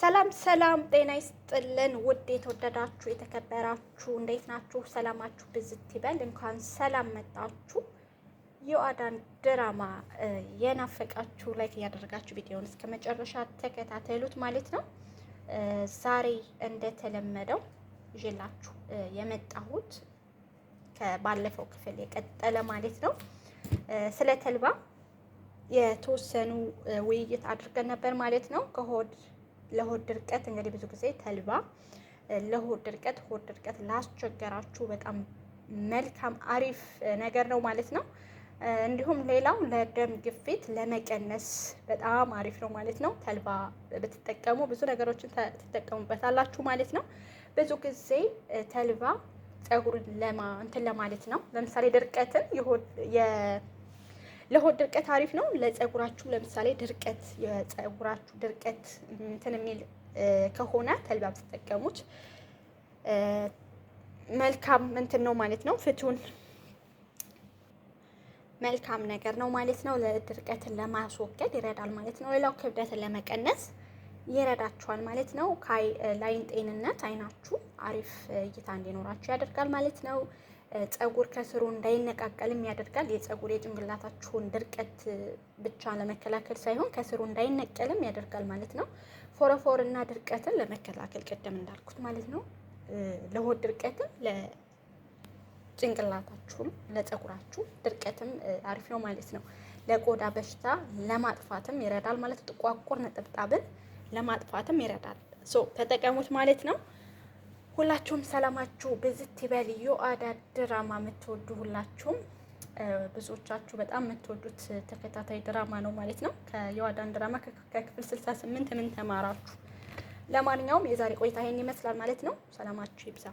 ሰላም ሰላም፣ ጤና ይስጥልን ውድ የተወደዳችሁ የተከበራችሁ እንዴት ናችሁ? ሰላማችሁ ብዝት ይበል። እንኳን ሰላም መጣችሁ። የአዳን ድራማ የናፈቃችሁ ላይክ እያደረጋችሁ ቪዲዮውን እስከ መጨረሻ ተከታተሉት ማለት ነው። ዛሬ እንደተለመደው ይዤላችሁ የመጣሁት ከባለፈው ክፍል የቀጠለ ማለት ነው ስለ ተልባ የተወሰኑ ውይይት አድርገን ነበር ማለት ነው ከሆድ ለሆድ ድርቀት እንግዲህ ብዙ ጊዜ ተልባ ለሆድ ድርቀት ሆድ ድርቀት ላስቸገራችሁ በጣም መልካም አሪፍ ነገር ነው ማለት ነው። እንዲሁም ሌላው ለደም ግፊት ለመቀነስ በጣም አሪፍ ነው ማለት ነው። ተልባ ብትጠቀሙ ብዙ ነገሮችን ትጠቀሙበታላችሁ ማለት ነው። ብዙ ጊዜ ተልባ ፀጉርን ለማ እንትን ለማለት ነው። ለምሳሌ ድርቀትን ለሆድ ድርቀት አሪፍ ነው። ለፀጉራችሁ ለምሳሌ ድርቀት የፀጉራችሁ ድርቀት እንትን የሚል ከሆነ ተልባ ብትጠቀሙት መልካም እንትን ነው ማለት ነው። ፍቱን መልካም ነገር ነው ማለት ነው። ለድርቀትን ለማስወገድ ይረዳል ማለት ነው። ሌላው ክብደትን ለመቀነስ ይረዳችኋል ማለት ነው። ከአይን ጤንነት አይናችሁ አሪፍ እይታ እንዲኖራችሁ ያደርጋል ማለት ነው። ጸጉር ከስሩ እንዳይነቃቀልም ያደርጋል። የጸጉር የጭንቅላታችሁን ድርቀት ብቻ ለመከላከል ሳይሆን ከስሩ እንዳይነቀልም ያደርጋል ማለት ነው። ፎረፎር እና ድርቀትን ለመከላከል ቀደም እንዳልኩት ማለት ነው። ለሆድ ድርቀትም ለጭንቅላታችሁም ለጸጉራችሁ ድርቀትም አሪፍ ነው ማለት ነው። ለቆዳ በሽታ ለማጥፋትም ይረዳል ማለት ጥቋቁር ነጠብጣብን ለማጥፋትም ይረዳል። ሶ ተጠቀሙት ማለት ነው። ሁላችሁም ሰላማችሁ ብዝት ይበል። ዮአዳድ ድራማ የምትወዱ ሁላችሁም ብዙዎቻችሁ በጣም የምትወዱት ተከታታይ ድራማ ነው ማለት ነው። ከዮአዳድ ድራማ ከክፍል 68 ምን ተማራችሁ? ለማንኛውም የዛሬ ቆይታ ይሄን ይመስላል ማለት ነው። ሰላማችሁ ይብዛ።